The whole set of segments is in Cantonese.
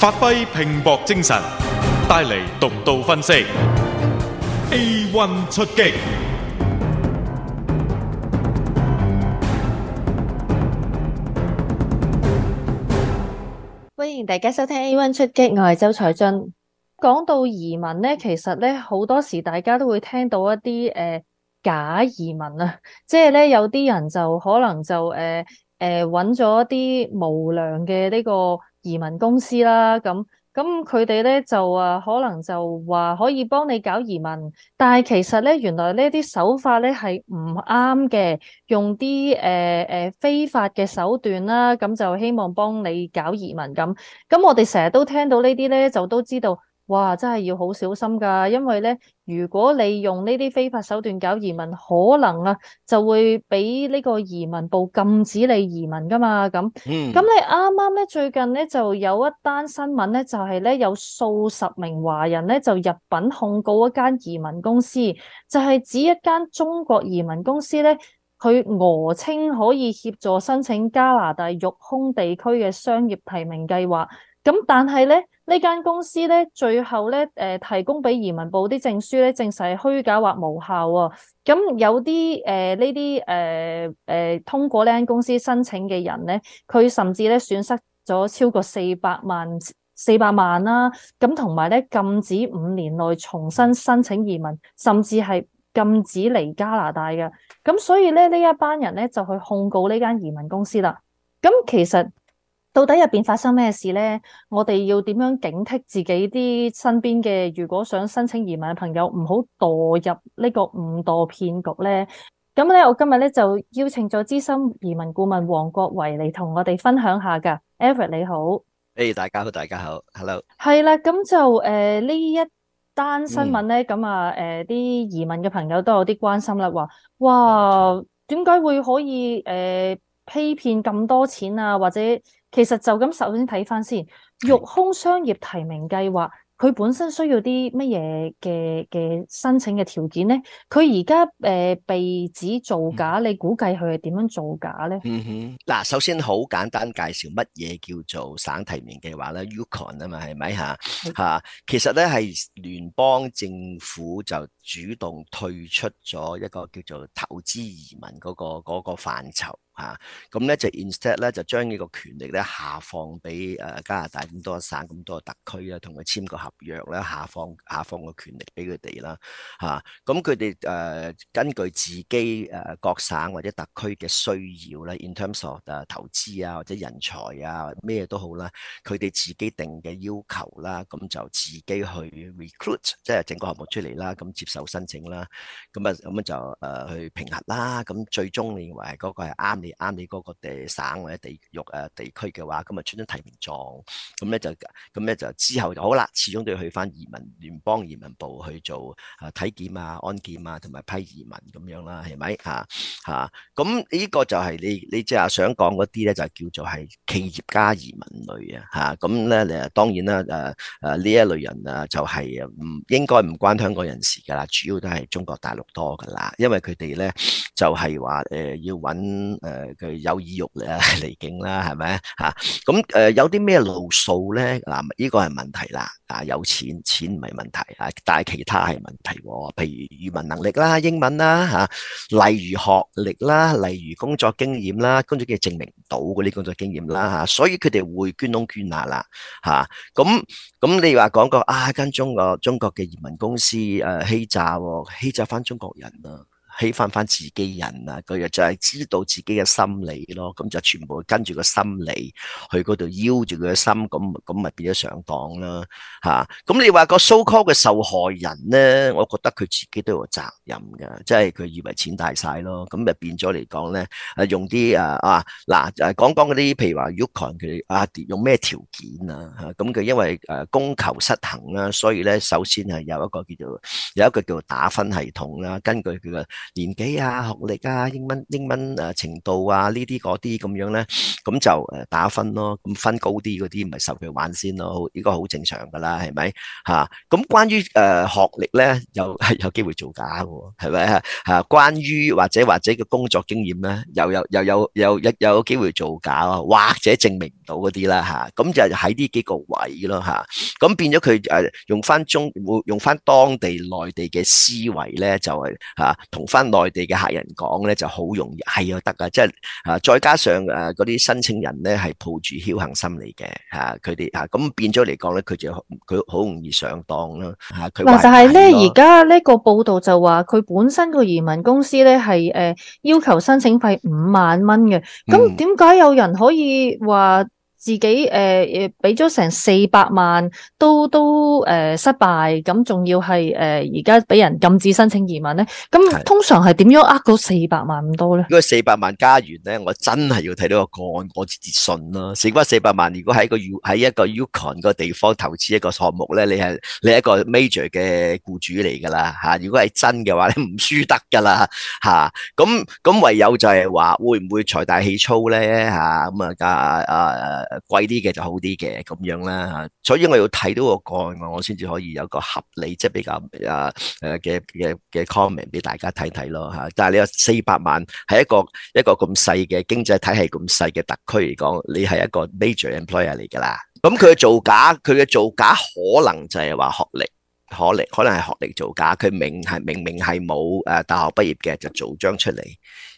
發揮拼搏精神，帶嚟獨到分析。A One 出擊。歡迎大家收聽 A One 出擊，我係周彩俊。講到移民咧，其實咧好多時大家都會聽到一啲誒、呃、假移民啊，即係咧有啲人就可能就誒誒揾咗一啲無良嘅呢、這個。移民公司啦，咁咁佢哋咧就啊，可能就話可以幫你搞移民，但係其實咧，原來呢啲手法咧係唔啱嘅，用啲誒誒非法嘅手段啦，咁就希望幫你搞移民咁，咁我哋成日都聽到呢啲咧，就都知道。哇！真係要好小心噶，因為咧，如果你用呢啲非法手段搞移民，可能啊就會俾呢個移民部禁止你移民噶嘛。咁，咁、嗯、你啱啱咧最近咧就有一單新聞咧，就係、是、咧有數十名華人咧就入稟控告一間移民公司，就係、是、指一間中國移民公司咧，佢訛稱可以協助申請加拿大育空地區嘅商業提名計劃，咁但係咧。呢間公司咧，最後咧、呃，提供俾移民部啲證書咧，證實係虛假或無效喎、哦。咁有啲誒呢啲誒通過呢間公司申請嘅人咧，佢甚至咧損失咗超過四百萬四百萬啦、啊。咁同埋咧禁止五年內重新申請移民，甚至係禁止嚟加拿大嘅。咁所以咧呢一班人咧就去控告呢間移民公司啦。咁其實，到底入邊發生咩事呢？我哋要點樣警惕自己啲身邊嘅？如果想申請移民嘅朋友，唔好墮入呢個誤導騙局呢。咁咧，我今日咧就邀請咗資深移民顧問黃國維嚟同我哋分享下噶。Eric 你好，誒，hey, 大家好，大家好，Hello。係啦，咁就誒呢、呃、一單新聞呢，咁啊、嗯，誒啲、呃、移民嘅朋友都有啲關心啦，話哇點解會可以誒欺騙咁多錢啊，或者？其實就咁，首先睇翻先，育空商業提名計劃，佢本身需要啲乜嘢嘅嘅申請嘅條件咧？佢而家誒被指造假，你估計佢係點樣造假咧？嗯哼，嗱，首先好簡單介紹乜嘢叫做省提名計劃咧？Yukon 啊嘛，係咪吓吓？其實咧係聯邦政府就主動退出咗一個叫做投資移民嗰個嗰個範疇。啊，咁咧就 instead 咧就將呢個權力咧下放俾誒加拿大咁多的省，咁多特區啦，同佢簽個合約咧，下放下放個權力俾佢哋啦。吓、啊，咁佢哋誒根據自己誒各省或者特區嘅需要咧，in terms of 誒投資啊或者人才啊咩都好啦，佢哋自己定嘅要求啦，咁就自己去 recruit，即係整個項目出嚟啦，咁接受申請啦，咁啊咁啊就誒去評核啦，咁最終你認為嗰個係啱啱你嗰個地省或者地域誒地區嘅話，咁啊出咗提名狀，咁咧就咁咧就之後就好啦。始終都要去返移民聯邦移民部去做啊體檢啊、安檢啊，同埋批移民咁樣啦，係咪吓？吓，咁呢個就係你你即係想講嗰啲咧，就是、叫做係企業家移民類啊吓咁咧，你當然啦誒誒呢一類人啊，就係唔應該唔關香港人士㗎啦，主要都係中國大陸多㗎啦，因為佢哋咧就係話誒要揾誒。呃誒，佢有意欲嚟嚟境啦，係咪啊？咁誒，有啲咩路數咧？嗱，呢個係問題啦。啊，有錢錢唔係問題啊，但係其他係問題。譬如語文能力啦、英文啦吓，例如學歷啦，例如工作經驗啦，跟住叫證明到嗰啲工作經驗啦吓。所以佢哋會捐窿捐罅啦吓。咁咁，你話講個啊，跟中國中國嘅移民公司誒，欺詐，欺詐翻中國人啊？起翻翻自己人啊！佢又就係知道自己嘅心理咯，咁就全部跟住個心理去嗰度邀住佢嘅心，咁咁咪變咗上當啦嚇！咁、啊、你話個 so call 嘅受害人咧，我覺得佢自己都有責任㗎，即係佢以為錢大晒咯，咁咪變咗嚟講咧，用啲啊啊嗱，講講嗰啲譬如話 Yukon 佢啊，用咩條件啊嚇？咁佢因為誒、啊、供求失衡啦，所以咧首先係有一個叫做有一個叫做打分系統啦，根據佢嘅。年紀啊、學歷啊、英文、英文誒程度啊，呢啲嗰啲咁樣咧，咁就誒打分咯。咁分高啲嗰啲，唔係受佢玩先咯。依個好正常㗎啦，係咪？嚇！咁關於誒學歷咧，有係有機會造假㗎喎，係咪啊？嚇！關於或者或者嘅工作經驗咧，又有又有又有又有機會造假啊，或者證明唔到嗰啲啦嚇。咁就喺呢幾個位咯嚇。咁變咗佢誒用翻中用翻當地內地嘅思維咧，就係嚇同翻。內地嘅客人講咧，就好容易係啊，得噶，即係啊，再加上誒嗰啲申請人咧係抱住僥幸心理嘅，嚇佢哋嚇，咁、啊、變咗嚟講咧，佢就佢好容易上當囉，嚇、啊、佢。但係咧，而家呢個報道就話，佢本身個移民公司咧係誒要求申請費五萬蚊嘅，咁點解有人可以話？自己誒誒俾咗成四百萬都都誒、呃、失敗，咁仲要係誒而家俾人禁止申請移民咧？咁通常係點樣呃到四百萬咁多咧？如果四百萬加元咧，我真係要睇到個個案，我自自信啦。事關四百萬，如果喺個喺一個 Yukon 個地方投資一個項目咧，你係你一個 major 嘅僱主嚟噶啦吓。如果係真嘅話咧，唔輸得噶啦吓。咁、啊、咁唯有就係話會唔會財大氣粗咧吓？咁啊啊啊！啊誒貴啲嘅就好啲嘅咁樣啦嚇，所以我要睇到個案，我先至可以有個合理即係、就是、比較啊誒嘅嘅嘅 comment 俾大家睇睇咯嚇。但係你有四百萬係一個一個咁細嘅經濟體系，咁細嘅特區嚟講，你係一個 major employer 嚟㗎啦。咁佢造假，佢嘅造假可能就係話學歷，學歷可能係學歷造假，佢明係明明係冇誒大學畢業嘅就做章出嚟。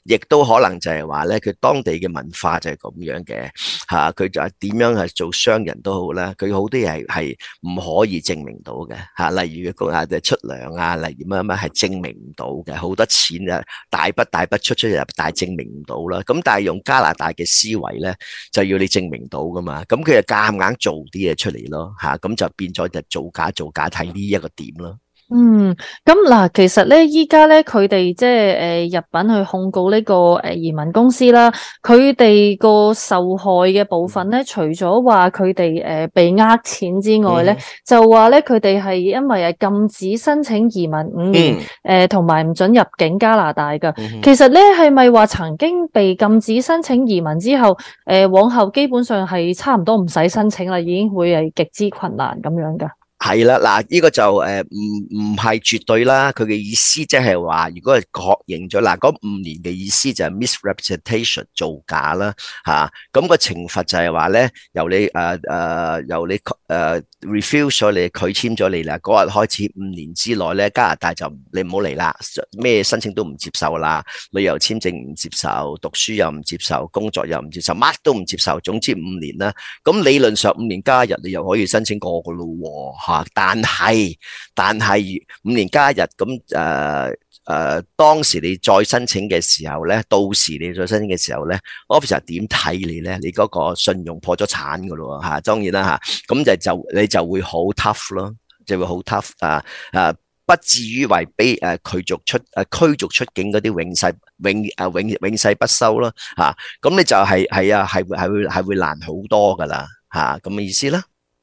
亦都可能就係話咧，佢當地嘅文化就係咁樣嘅吓，佢就點樣係做商人都好啦，佢好多嘢係唔可以證明到嘅吓，例如佢講下啊出糧啊，例如乜乜係證明唔到嘅，好多錢啊大筆大筆出出入入，但係證明唔到啦。咁但係用加拿大嘅思維咧，就要你證明到噶嘛，咁佢就夾硬做啲嘢出嚟咯吓，咁就變咗就造假造假睇呢一個點咯。嗯，咁嗱，其實咧，依家咧，佢哋即係誒，入稟去控告呢、這個誒、呃、移民公司啦。佢哋個受害嘅部分咧，除咗話佢哋誒被呃錢之外咧，mm hmm. 就話咧佢哋係因為係禁止申請移民五年，誒同埋唔准入境加拿大噶。Mm hmm. 其實咧係咪話曾經被禁止申請移民之後，誒、呃、往後基本上係差唔多唔使申請啦，已經會係極之困難咁樣噶？係啦，嗱，呢個就誒唔唔係絕對啦。佢嘅意思即係話，如果係確認咗嗱，嗰五年嘅意思就係 misrepresentation 造假啦，嚇。咁個懲罰就係話咧，由你誒誒、呃呃、由你、呃呃、refuse 你拒簽咗你啦，嗰日開始五年之內咧，加拿大就你唔好嚟啦，咩申請都唔接受啦，旅遊簽證唔接受，讀書又唔接受，工作又唔接受，乜都唔接受。總之五年啦，咁理論上五年加一日你又可以申請過㗎啦喎。哦、但係但係五年加一日咁誒、呃呃、當時你再申請嘅時候咧，到時你再申請嘅時候咧，officer 點睇你咧？你嗰個信用破咗產㗎咯嚇，當然啦嚇，咁就就你就會好 tough 咯，就會好 tough 啊啊，不至於為俾誒驅逐出、啊、驅逐出境嗰啲永世永、啊、永永世不收啦嚇，咁你就係係啊，係會係會會難好多噶啦嚇，咁嘅意思啦。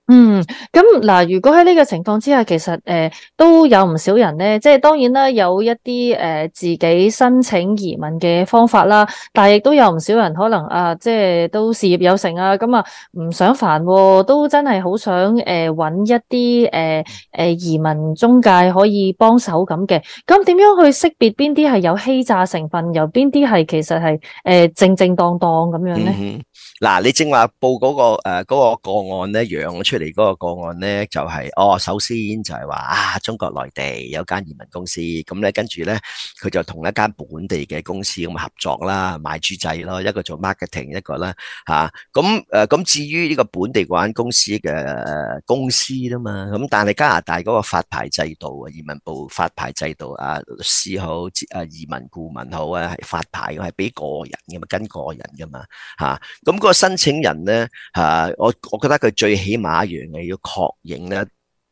嗯，咁嗱，如果喺呢個情況之下，其實誒、呃、都有唔少人咧，即係當然啦，有一啲誒、呃、自己申請移民嘅方法啦，但係亦都有唔少人可能啊，即係都事業有成啊，咁啊唔想煩，都真係好想誒揾、呃、一啲誒誒移民中介可以幫手咁嘅。咁點樣去識別邊啲係有欺詐成分，又邊啲係其實係誒、呃、正正當當咁樣咧？嗱、嗯，你正話報嗰、那個誒嗰、呃嗰個個案咧，樣。出。嚟嗰個個案咧，就係、是、哦，首先就係話啊，中國內地有間移民公司，咁咧跟住咧，佢就同一間本地嘅公司咁合作啦，買豬仔咯，一個做 marketing，一個啦吓，咁誒咁至於呢個本地嗰間公司嘅公司啊嘛，咁但係加拿大嗰個發牌制度啊，移民部發牌制度啊，律師好啊，移民顧問好啊，係發牌嘅係俾個人嘅嘛，跟個人噶嘛吓，咁、啊那個申請人咧吓、啊，我我覺得佢最起碼。一樣嘅要確認咧，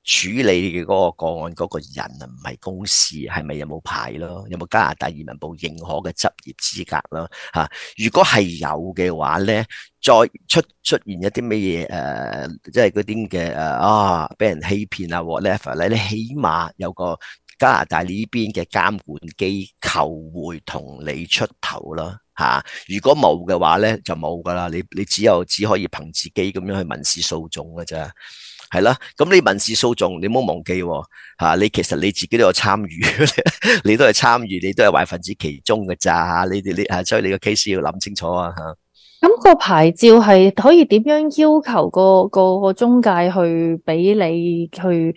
處理嘅嗰個，個案嗰個人啊，唔係公司，係咪有冇牌咯？有冇加拿大移民部認可嘅執業資格咯？嚇、啊，如果係有嘅話咧，再出出現一啲乜嘢誒，即係嗰啲嘅誒啊，俾人欺騙啊，whatever 咧，你起碼有個。加拿大呢邊嘅監管機構會同你出頭咯，吓，如果冇嘅話咧，就冇噶啦，你你只有只可以憑自己咁樣去民事訴訟噶咋，係啦，咁你民事訴訟你唔好忘記，吓、啊，你其實你自己都有參與， 你都係參與，你都係壞分子其中噶咋，吓，你所以你個 case 要諗清楚啊吓。咁個牌照係可以點樣要求，嗰個、嗰個中介去俾你去？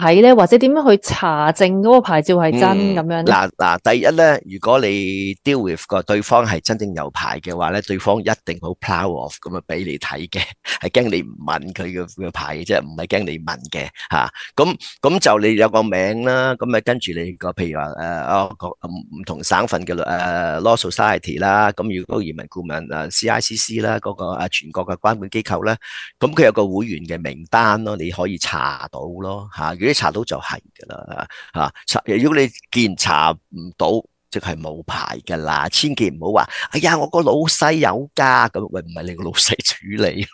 係咧，或者點樣去查證嗰個牌照係真，咁樣嗱嗱，第一咧，如果你 deal with 個對方係真正有牌嘅話咧，對方一定好 plow off 咁啊，俾你睇嘅，係驚你唔問佢嘅牌即係，唔係驚你問嘅嚇。咁咁就你有個名啦，咁咪跟住你個譬如話啊唔同省份嘅，呃、Law Society 啦，咁如果移民顧問 CICC 啦，嗰，呃、個啊全國嘅關管機構咧，咁佢有個會員嘅名單咯，你可以查到咯，啊你查到就係噶啦吓。如果你檢查唔到，即係冇牌噶啦。千祈唔好話哎呀，我個老細有家咁，唔係你個老細處理，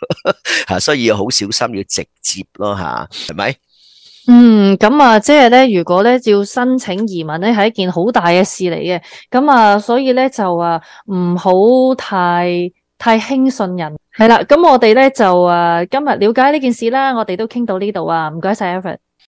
所以要好小心，要直接咯吓，係咪？嗯，咁啊，即係咧，如果咧照申請移民咧，係一件好大嘅事嚟嘅。咁啊，所以咧就啊，唔好太太輕信人係啦。咁我哋咧就啊，今日了解呢件事啦，我哋都傾到呢度啊，唔該晒，Evan。